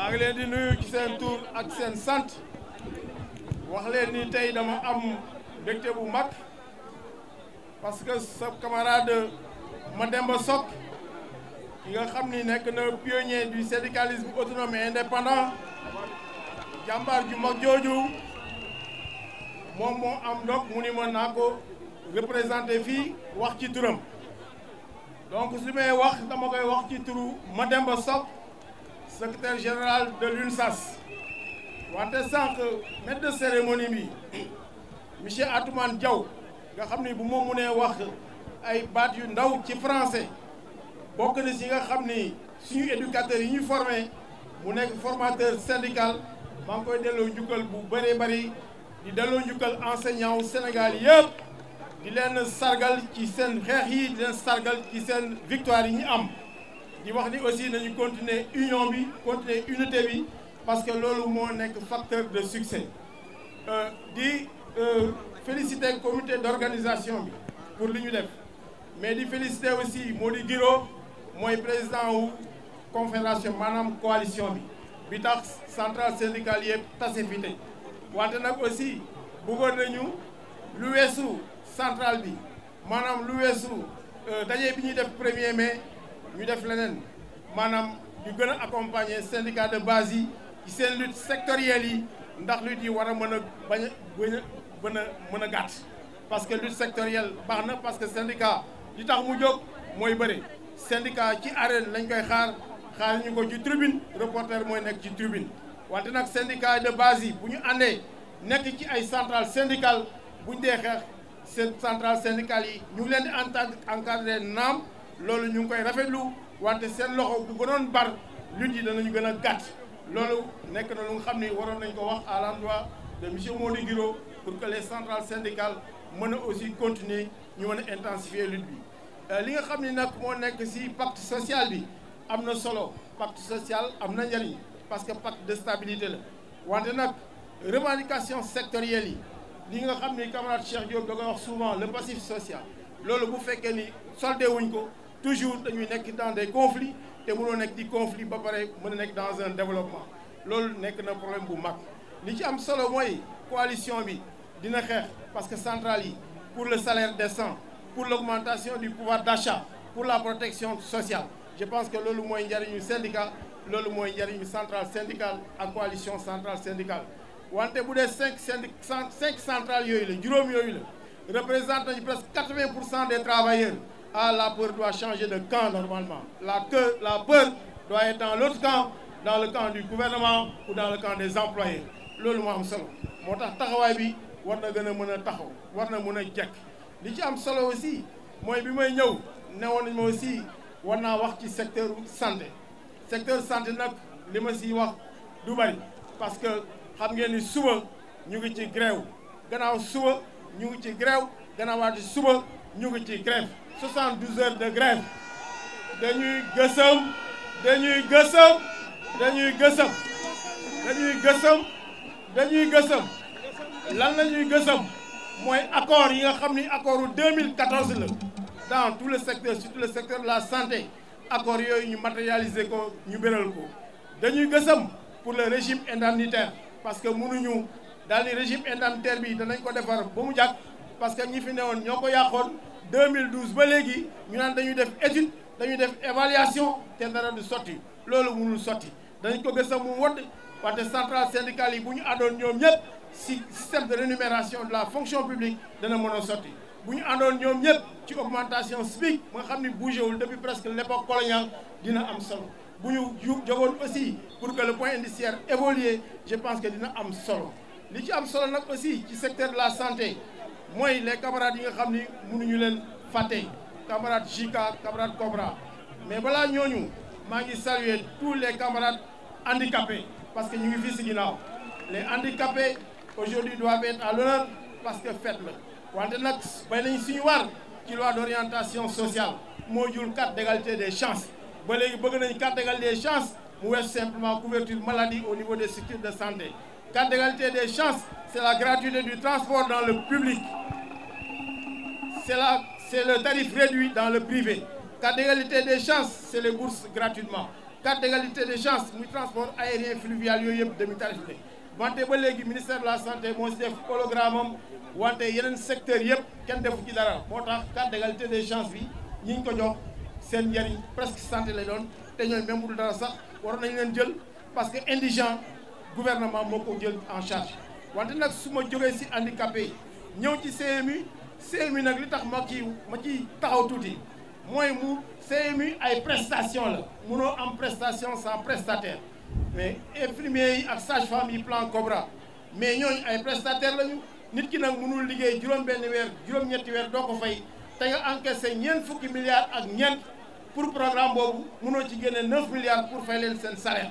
maa ngi leen di nuyu ci seen tur ak seen sant wax leen ni tey dama am mbégte bu mag parce que sa camarade Mademba Sock ki nga xam ni nekk na pionnier du syndicalisme autonome indépendant jàmbaar ju mag jooju moom moo am donc mu ni ma naa ko représenté wax ci turam donc su may wax dama koy wax ci turu Mademba Sock secrétaire général de l'UNSAS je que, maître de cérémonie M. monsieur Atoumane Diaw nga xam que bu ma peux wax ay baat yu ndaw français bokk de éducateurs formateur syndical je koy enseignant au Sénégal sargal victoire di wax ni aussi nañu continuer union bi continuer unité bi parce que loolu moo nekk facteur de succès euh, di euh, féliciter comité d'organisation bi pour li def mais di féliciter aussi Modi Giro, mooy président wu confédération maanaam coalition bi bi tax central syndical yëpp tase fi tey wante aussi bëggoon nañu lu weesu central bi maanaam lu weesu euh, def premier mai ñu def leneen maanaam ñu gën accompagner syndicat de base yi ci seen lutte sectorielle yi ndax lutte yi war a mën a bañ a mën parce que lutte sectorielle baax parce que syndicat li tax mu jóg mooy bëri syndicat ci arène lañ koy xaar xaar ñu ko ci tribune reporter mooy nekk ci tribune wante nag syndicat de base yi bu ñu àndee nekk ci ay centrale syndicale bu ñu cette xeex centrale syndicale yi ñu ngi leen di encadré lolu ñu ngi koy rafetlu wante seen loxo bu gënoon bar lutte yi danañu gën a gàtt loolu nekk na lu nga xam ne waroon nañ ko wax à l'endroit de monsieur Modi Giro pour que les centrales syndicales mën a aussi continuer ñu mën a intensifier lutte bi euh, li nga xam ne nag moo nekk ci pacte social bi am na solo pacte social am na njariñ parce que pacte de stabilité la wante nag revendication sectorielle yi li nga xam ni camarade Cheikh Diop da koy wax souvent le passif social loolu bu fekkee ni soldé wuñ ko toujours dañuy dans des conflits et nous des di conflits ba pare nous dans un développement n'est pas un problème bu mak li ci am coalition bi dina parce que centrale pour le salaire décent pour l'augmentation du pouvoir d'achat pour la protection sociale je pense que loolu moy njariñu syndicat loolu moy une centrale syndicale une coalition centrale syndicale wante bu dee centrales yoy la juroom yoy la représente presque 80% des travailleurs ah, la peur doit changer de camp normalement. La, peur doit être dans l'autre camp, dans le camp du gouvernement ou dans le camp des employés. C'est ce que je veux dire. bi war na je veux taxaw war na que je veux li aussi bi may ñëw je secteur santé secteur santé parce que grève grève grève 72 heures de grève dañuy gëssam, dañuy gëssam, dañuy gëssam. dañuy gëssam, dañuy gëssam. lan lañuy gëssam? Moy accord yi nga xamni accordu 2014 la dans tout le secteur surtout le secteur de la santé accord yoyu ñu matérialiser ko ñu bëral ko dañuy gëssam pour le régime indemnitaire parce que mënuñu dans di régime indemnitaire bi danañ ko défar bu mu jàkk parce que ñi fi newoon ñoo ko 2012 ba avons ñu nan dañuy def étude dañuy def évaluation te dara du sotti loolu mënul sotti dañ ko gëstu mu parce que centrale syndicales, yi bu ñu àndoon système de rémunération de la fonction publique dana mën sorti. sotti bu ñu àndoon ñoom ñëpp ci augmentation SMIC nga xamni bougé depuis presque l'époque coloniale dina am solo bu ñu aussi pour que le point indiciaire évolue je pense que dina am solo li ci am solo nak aussi ci secteur de la santé moi, les camarades qui ont xam nous mënuñu leen camarade JICA camarade Cobra mais voilà, ñooñu nous, ngi saluer tous les camarades handicapés parce que nous, ngi ici les handicapés aujourd'hui doivent être à l'honneur parce que fête la wante nag bay nañ suñu war ci loi d'orientation sociale module une carte d'égalité des chances ba légui bëgg nañ carte d'égalité des chances mu wees simplement couverture maladie au niveau des structures de santé car d'égalité des chances, c'est la gratuité du transport dans le public. C'est le tarif réduit dans le privé. Car d'égalité des chances, c'est les bourses gratuitement. Car d'égalité des chances, le transport aérien fluvial, demi-tarifé. wante ba le ministère de la santé mon chef hologramme am wante un secteur yëpp kenn defu ci dara moo tax des chances bi ñi ko presque santé lay doon te ñooy même bu ça, dara sax waroon nañu leen jël parce que indigent gouvernement moko jël en charge wante nag su ma jógee si handicapé ñew ci CMU CMU nak li tax ma ci ma ci taxaw touti moy mu CMU ay prestation la mëno am prestation sans prestataire mais infirmier yi ak sage-femme plan Cobra mais ñooñu ay prestataire lañu nit ki nak mënul liggéey juroom benn weer juroom ñetti weer doo ko fay te nga encaissé ñen fukki milliards ak ñeent pour programme bobu mëno ci génne 9 milliards pour fay leen seen salaire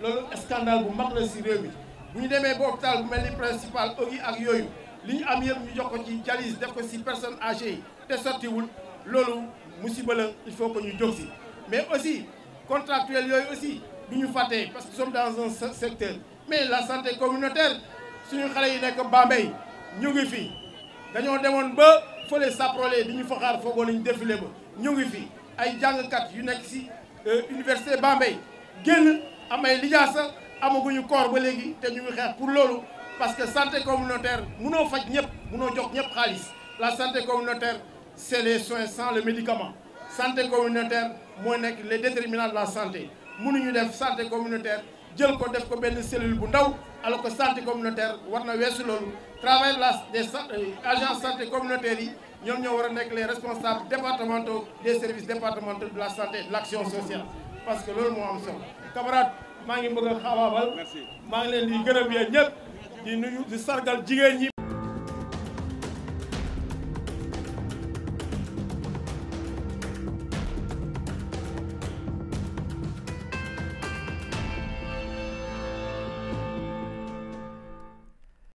le scandale bu mag la si réew mi bu ñu bu principal ak li ñu am jox ko ci il faut que ñu mais aussi contractuel aussi ñu parce que nous sommes dans un secteur mais la santé communautaire suñu xale yi nekk Bambey ñu ngi fi dañoo demoon ba fële di ñu sommes foogoo ba ñu ngi fi ay yu euh, université Bambey je suis lijaasa amaguñu koor ba léegi te parce que santé communautaire la santé communautaire c'est les soins sans le médicament santé communautaire c'est le les déterminants de la santé avons la santé communautaire jël ko def ko cellule bu ndaw alors que santé communautaire war na travail la des euh, santé communautaire nous avons les responsables départementaux des services départementaux de la santé de l'action sociale parce que nous sommes am camarade maa ngi bëgg a xaabaabal maa ngi leen di gërëm yéen ñëpp di sargal jigéen ñi